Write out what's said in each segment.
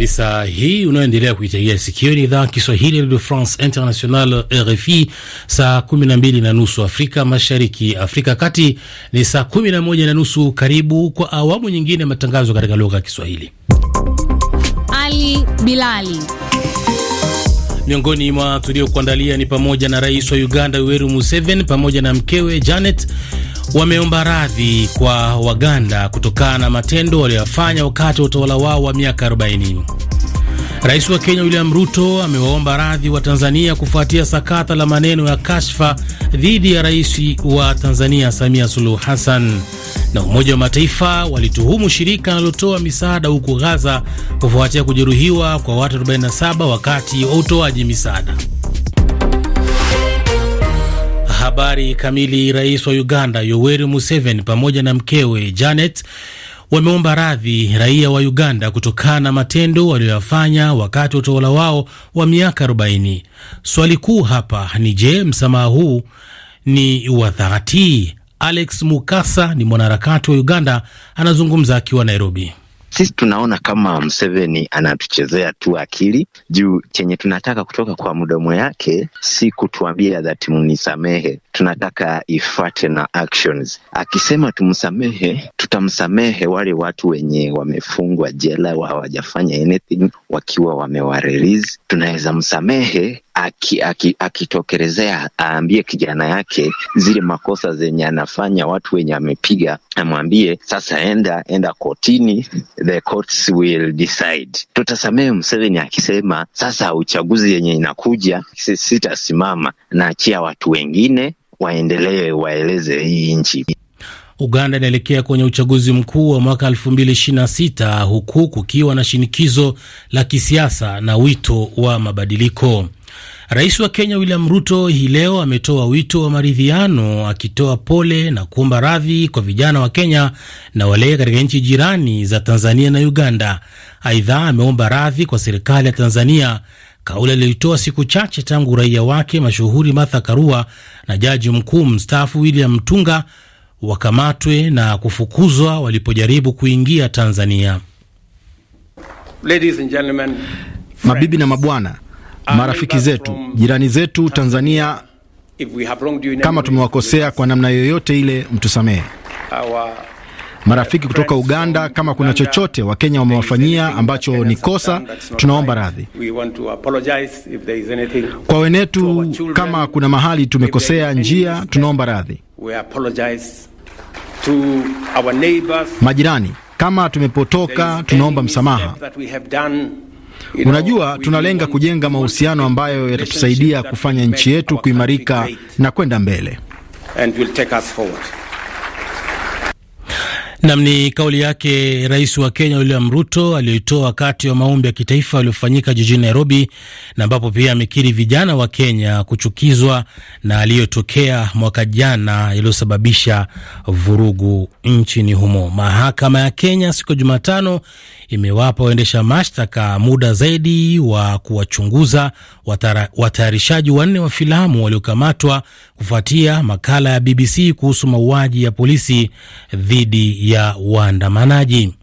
kabisa. Hii unayoendelea kuitegea sikio ni idhaa Kiswahili Radio France International, RFI. Saa 12 na nusu Afrika Mashariki, Afrika Kati ni saa 11 na nusu. Karibu kwa awamu nyingine ya matangazo katika lugha ya Kiswahili. Ali Bilali miongoni mwa tuliokuandalia ni pamoja na rais wa Uganda Yoweri Museveni pamoja na mkewe Janet wameomba radhi kwa Waganda kutokana na matendo waliyofanya wakati wa utawala wao wa miaka 40. Rais wa Kenya William Ruto amewaomba radhi wa Tanzania kufuatia sakata la maneno ya kashfa dhidi ya rais wa Tanzania Samia Suluhu Hassan. Na Umoja wa Mataifa walituhumu shirika linalotoa misaada huko Gaza kufuatia kujeruhiwa kwa watu 47 wakati wa utoaji misaada. Habari kamili. Rais wa Uganda Yoweri Museveni pamoja na mkewe Janet wameomba radhi raia wa Uganda kutokana na matendo walioyafanya wakati wa utawala wao wa miaka 40. Swali kuu hapa ni je, msamaha huu ni wa dhati? Alex Mukasa ni mwanaharakati wa Uganda, anazungumza akiwa Nairobi. Sisi tunaona kama Mseveni anatuchezea tu akili juu, chenye tunataka kutoka kwa mdomo yake si kutuambia dhati mnisamehe tunataka ifate na actions. Akisema tumsamehe, tutamsamehe wale watu wenye wamefungwa jela hawajafanya anything, wakiwa wamewarelease tunaweza msamehe akitokelezea aki, aki aambie kijana yake zile makosa zenye anafanya watu wenye amepiga, amwambie sasa, enda enda kotini, the courts will decide. Tutasamehe Museveni akisema sasa, uchaguzi yenye inakuja sitasimama, naachia watu wengine waendelee, waeleze hii nchi. Uganda inaelekea kwenye uchaguzi mkuu wa mwaka 2026 huku kukiwa na shinikizo la kisiasa na wito wa mabadiliko. Rais wa Kenya William Ruto hii leo ametoa wito wa maridhiano, akitoa pole na kuomba radhi kwa vijana wa Kenya na wale katika nchi jirani za Tanzania na Uganda. Aidha, ameomba radhi kwa serikali ya Tanzania, kauli aliyoitoa siku chache tangu raia wake mashuhuri Martha Karua na jaji mkuu mstaafu William tunga wakamatwe na kufukuzwa walipojaribu kuingia Tanzania. Mabibi na mabwana marafiki zetu, jirani zetu Tanzania. Kama tumewakosea kwa namna yoyote ile, mtusamehe. Marafiki kutoka Uganda, kama kuna chochote Wakenya wamewafanyia ambacho ni kosa, tunaomba radhi. Kwa wenetu, kama kuna mahali tumekosea njia, tunaomba radhi. Majirani, kama tumepotoka, tunaomba msamaha. Unajua, tunalenga kujenga mahusiano ambayo yatatusaidia kufanya nchi yetu kuimarika na kwenda mbele. Nam ni kauli yake Rais wa Kenya William Ruto aliyoitoa wakati wa maombi ya kitaifa yaliyofanyika jijini Nairobi, na ambapo pia amekiri vijana wa Kenya kuchukizwa na aliyotokea mwaka jana yaliyosababisha vurugu nchini humo. Mahakama ya Kenya siku ya Jumatano imewapa waendesha mashtaka muda zaidi wa kuwachunguza watayarishaji wanne wa filamu waliokamatwa kufuatia makala ya BBC kuhusu mauaji ya polisi dhidi ya waandamanaji.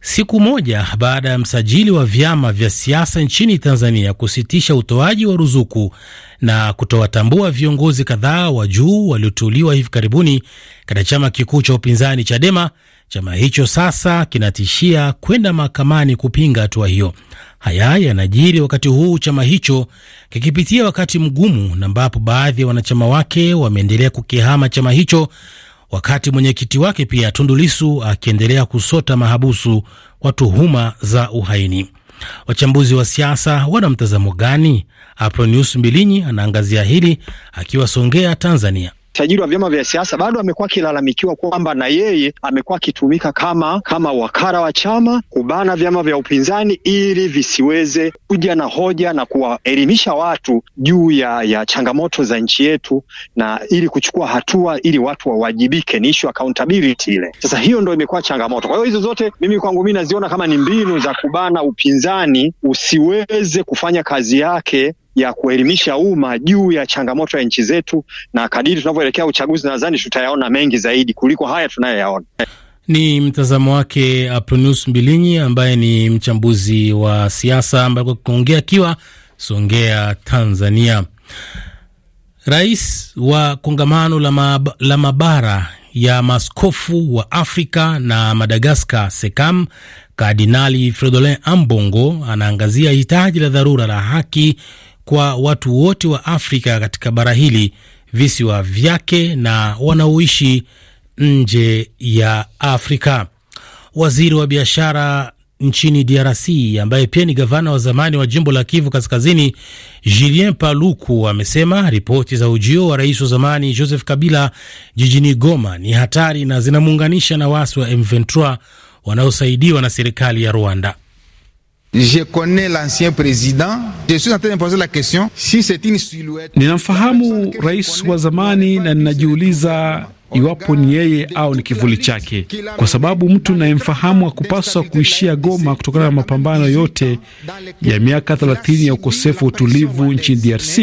Siku moja baada ya msajili wa vyama vya siasa nchini Tanzania kusitisha utoaji wa ruzuku na kutowatambua viongozi kadhaa wa juu walioteuliwa hivi karibuni katika chama kikuu cha upinzani Chadema, Chama hicho sasa kinatishia kwenda mahakamani kupinga hatua hiyo. Haya yanajiri wakati huu chama hicho kikipitia wakati mgumu, na ambapo baadhi ya wanachama wake wameendelea kukihama chama hicho, wakati mwenyekiti wake pia tundulisu akiendelea kusota mahabusu kwa tuhuma za uhaini. Wachambuzi wa siasa wana mtazamo gani? Apronius Mbilinyi anaangazia hili akiwa Songea, Tanzania msajili wa vyama vya siasa bado amekuwa akilalamikiwa kwamba na yeye amekuwa akitumika kama kama wakara wa chama kubana vyama vya upinzani ili visiweze kuja na hoja na kuwaelimisha watu juu ya, ya changamoto za nchi yetu na ili kuchukua hatua ili watu wawajibike. Ni issue accountability ile. Sasa hiyo ndo imekuwa changamoto. Kwa hiyo hizo zote mimi kwangu mimi naziona kama ni mbinu za kubana upinzani usiweze kufanya kazi yake ya kuelimisha umma juu ya changamoto ya nchi zetu, na kadiri tunavyoelekea uchaguzi, nadhani tutayaona mengi zaidi kuliko haya tunayoyaona. Ni mtazamo wake Apronius uh, Mbilinyi ambaye ni mchambuzi wa siasa ambaye kuongea akiwa Songea, Tanzania. Rais wa kongamano la, mab la mabara ya maskofu wa Afrika na Madagaskar SECAM Kardinali Fridolin Ambongo anaangazia hitaji la dharura la haki kwa watu wote wa Afrika katika bara hili, visiwa vyake na wanaoishi nje ya Afrika. Waziri wa biashara nchini DRC ambaye pia ni gavana wa zamani wa jimbo la Kivu Kaskazini, Julien Paluku amesema ripoti za ujio wa rais wa zamani Joseph Kabila jijini Goma ni hatari na zinamuunganisha na wasi wa M23 wanaosaidiwa na serikali ya Rwanda. Je connais l'ancien président. Je suis en train de poser la question si c'est une silhouette. Ninamfahamu rais wa zamani na ninajiuliza iwapo ni yeye au ni kivuli chake, kwa sababu mtu nayemfahamu hakupaswa kuishia Goma kutokana na mapambano yote ya miaka 30 ya ukosefu wa utulivu nchini DRC.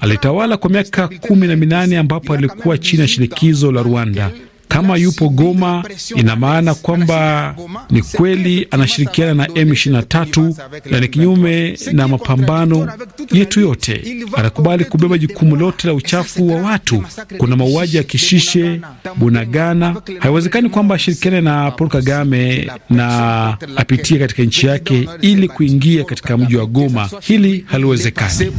Alitawala kwa miaka kumi na minane ambapo alikuwa chini ya shinikizo la Rwanda. Kama yupo Goma, ina maana kwamba ni kweli anashirikiana na M23 na ni kinyume na mapambano yetu yote. Anakubali kubeba jukumu lote la uchafu wa watu. Kuna mauaji ya Kishishe, Bunagana. Haiwezekani kwamba ashirikiane na Paul Kagame na apitie katika nchi yake ili kuingia katika mji wa Goma. Hili haliwezekani.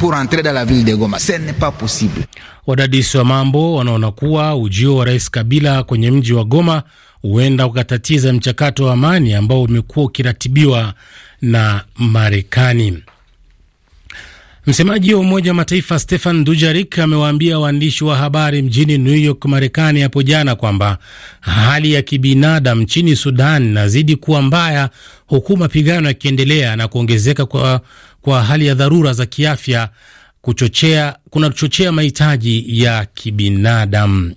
Wadadisi wa mambo wanaona kuwa ujio wa Rais Kabila kwenye mji wa Goma huenda ukatatiza mchakato wa amani ambao umekuwa ukiratibiwa na Marekani. Msemaji wa Umoja wa Mataifa Stefan Dujarik amewaambia waandishi wa habari mjini New York, Marekani, hapo jana kwamba hali ya kibinadamu nchini Sudan inazidi kuwa mbaya, huku mapigano yakiendelea na kuongezeka kwa, kwa hali ya dharura za kiafya kuchochea kuna kuchochea mahitaji ya kibinadamu.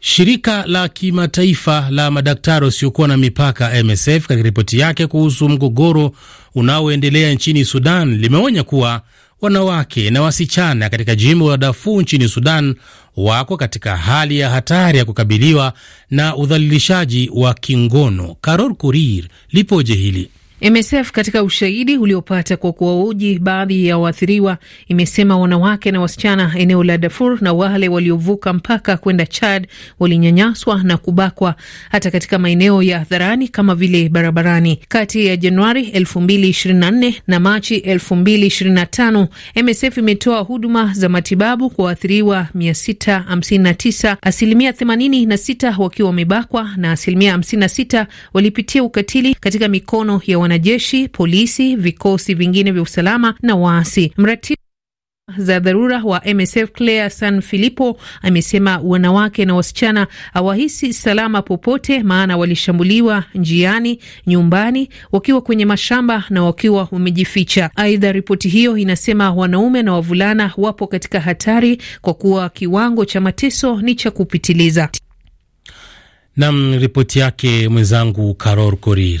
Shirika la kimataifa la madaktari wasiokuwa na mipaka MSF katika ripoti yake kuhusu mgogoro unaoendelea nchini Sudan limeonya kuwa wanawake na wasichana katika jimbo la Darfur nchini Sudan wako katika hali ya hatari ya kukabiliwa na udhalilishaji wa kingono. Karol Kurir lipoje hili MSF katika ushahidi uliopata kwa kuwahoji baadhi ya waathiriwa imesema wanawake na wasichana eneo la Darfur na wale waliovuka mpaka kwenda Chad walinyanyaswa na kubakwa hata katika maeneo ya hadharani kama vile barabarani. Kati ya Januari 2024 na Machi 2025, MSF imetoa huduma za matibabu kwa waathiriwa 659, asilimia 86 wakiwa wamebakwa na asilimia 56 walipitia ukatili katika mikono ya wanajeshi, polisi, vikosi vingine vya usalama na waasi. Mratibu za dharura wa MSF Claire San Filipo amesema wanawake na wasichana hawahisi salama popote, maana walishambuliwa njiani, nyumbani, wakiwa kwenye mashamba na wakiwa wamejificha. Aidha, ripoti hiyo inasema wanaume na wavulana wapo katika hatari kwa kuwa kiwango cha mateso ni cha kupitiliza. Nam ripoti yake mwenzangu Carol Korir.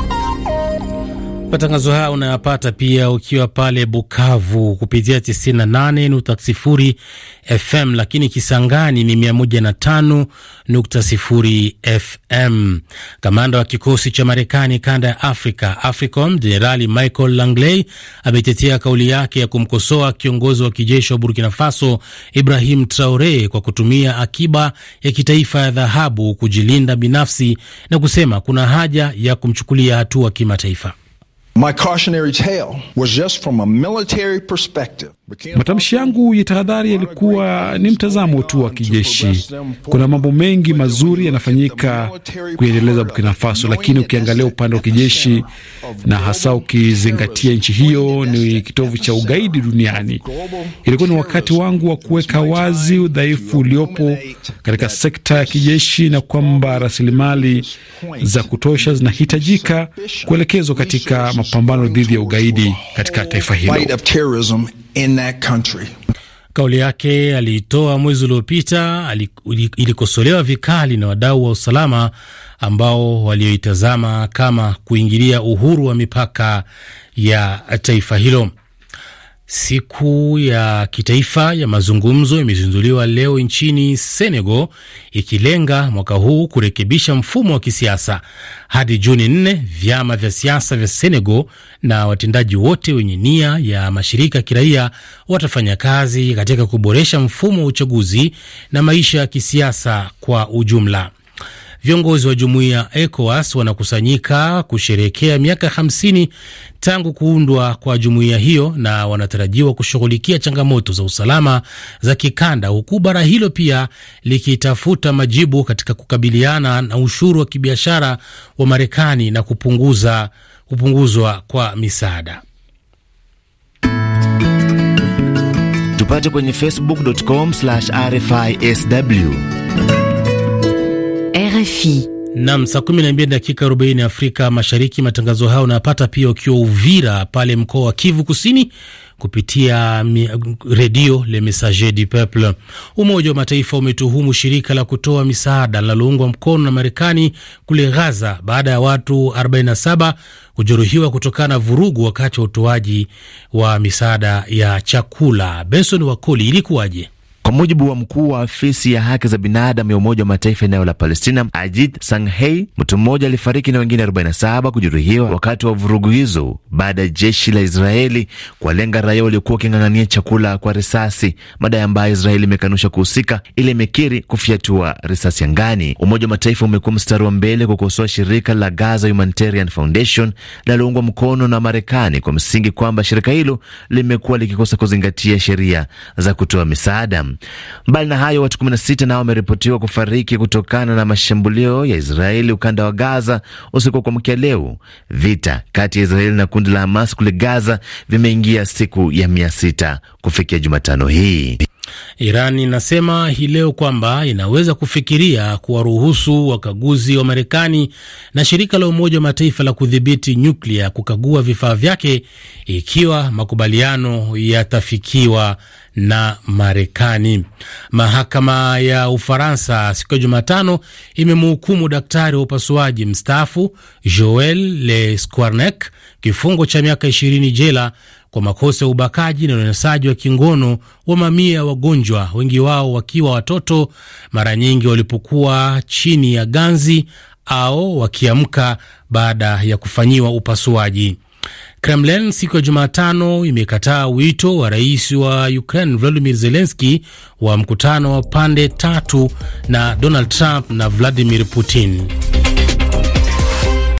Matangazo haya unayapata pia ukiwa pale Bukavu kupitia 98.0 FM, lakini Kisangani ni 105.0 FM. Kamanda wa kikosi cha Marekani kanda ya Afrika, AFRICOM, Jenerali Michael Langley ametetea kauli yake ya kumkosoa kiongozi wa kijeshi wa Burkina Faso Ibrahim Traore kwa kutumia akiba ya kitaifa ya dhahabu kujilinda binafsi na kusema kuna haja ya kumchukulia hatua kimataifa. My cautionary tale was just from a military perspective. Matamshi yangu ya tahadhari yalikuwa ni mtazamo tu wa kijeshi. Kuna mambo mengi mazuri yanafanyika kuiendeleza Burkina Faso, lakini ukiangalia upande wa kijeshi na hasa ukizingatia nchi hiyo ni kitovu cha ugaidi duniani, ilikuwa ni wakati wangu wa kuweka wazi udhaifu uliopo katika sekta ya kijeshi na kwamba rasilimali za kutosha zinahitajika kuelekezwa katika mapambano dhidi ya ugaidi katika taifa hilo in that country. Kauli yake aliitoa mwezi uliopita ilikosolewa vikali na wadau wa usalama ambao walioitazama kama kuingilia uhuru wa mipaka ya taifa hilo. Siku ya kitaifa ya mazungumzo imezinduliwa leo nchini Senegal, ikilenga mwaka huu kurekebisha mfumo wa kisiasa. Hadi Juni nne, vyama vya siasa vya Senegal na watendaji wote wenye nia ya mashirika ya kiraia watafanya kazi katika kuboresha mfumo wa uchaguzi na maisha ya kisiasa kwa ujumla. Viongozi wa jumuiya ECOWAS wanakusanyika kusherehekea miaka tangu kuundwa kwa jumuiya hiyo na wanatarajiwa kushughulikia changamoto za usalama za kikanda, huku bara hilo pia likitafuta majibu katika kukabiliana na ushuru wa kibiashara wa Marekani na kupunguza kupunguzwa kwa misaada. Tupate kwenye facebook.com/rfisw RFI Nam, saa kumi na mbili dakika arobaini Afrika Mashariki. Matangazo hayo unayapata pia ukiwa Uvira pale mkoa wa Kivu Kusini kupitia redio Le Messager du Peuple. Umoja wa Mataifa umetuhumu shirika la kutoa misaada linaloungwa mkono na Marekani kule ghaza baada ya watu 47 kujeruhiwa kutokana na vurugu wakati wa utoaji wa misaada ya chakula. Benson Wakoli, ilikuwaje? Kwa mujibu wa mkuu wa afisi ya haki za binadamu ya Umoja wa Mataifa eneo la Palestina, Ajid Sanghei, mtu mmoja alifariki na wengine 47 kujeruhiwa wakati wa vurugu hizo baada ya jeshi la Israeli kuwalenga raia waliokuwa waking'ang'ania chakula kwa risasi, madai ambayo Israeli imekanusha kuhusika, ili imekiri kufyatua risasi angani. Umoja wa Mataifa umekuwa mstari wa mbele kukosoa shirika la Gaza Humanitarian Foundation linaloungwa mkono na Marekani kwa msingi kwamba shirika hilo limekuwa likikosa kuzingatia sheria za kutoa misaada. Mbali na hayo, watu 16 nao wameripotiwa kufariki kutokana na mashambulio ya Israeli ukanda wa Gaza usiku wa kuamkia leo. Vita kati ya Israeli na kundi la Hamas kule Gaza vimeingia siku ya mia sita kufikia Jumatano hii. Iran inasema hii leo kwamba inaweza kufikiria kuwaruhusu wakaguzi wa Marekani na shirika la Umoja wa Mataifa la kudhibiti nyuklia kukagua vifaa vyake ikiwa makubaliano yatafikiwa na Marekani. Mahakama ya Ufaransa siku ya Jumatano imemhukumu daktari wa upasuaji mstaafu Joel Le Squarnec kifungo cha miaka ishirini jela kwa makosa ya ubakaji na unyanyasaji wa kingono wa mamia ya wagonjwa, wengi wao wakiwa watoto, mara nyingi walipokuwa chini ya ganzi au wakiamka baada ya kufanyiwa upasuaji. Kremlin siku ya Jumatano imekataa wito wa rais wa Ukraine Volodymyr Zelensky wa mkutano wa pande tatu na Donald Trump na Vladimir Putin.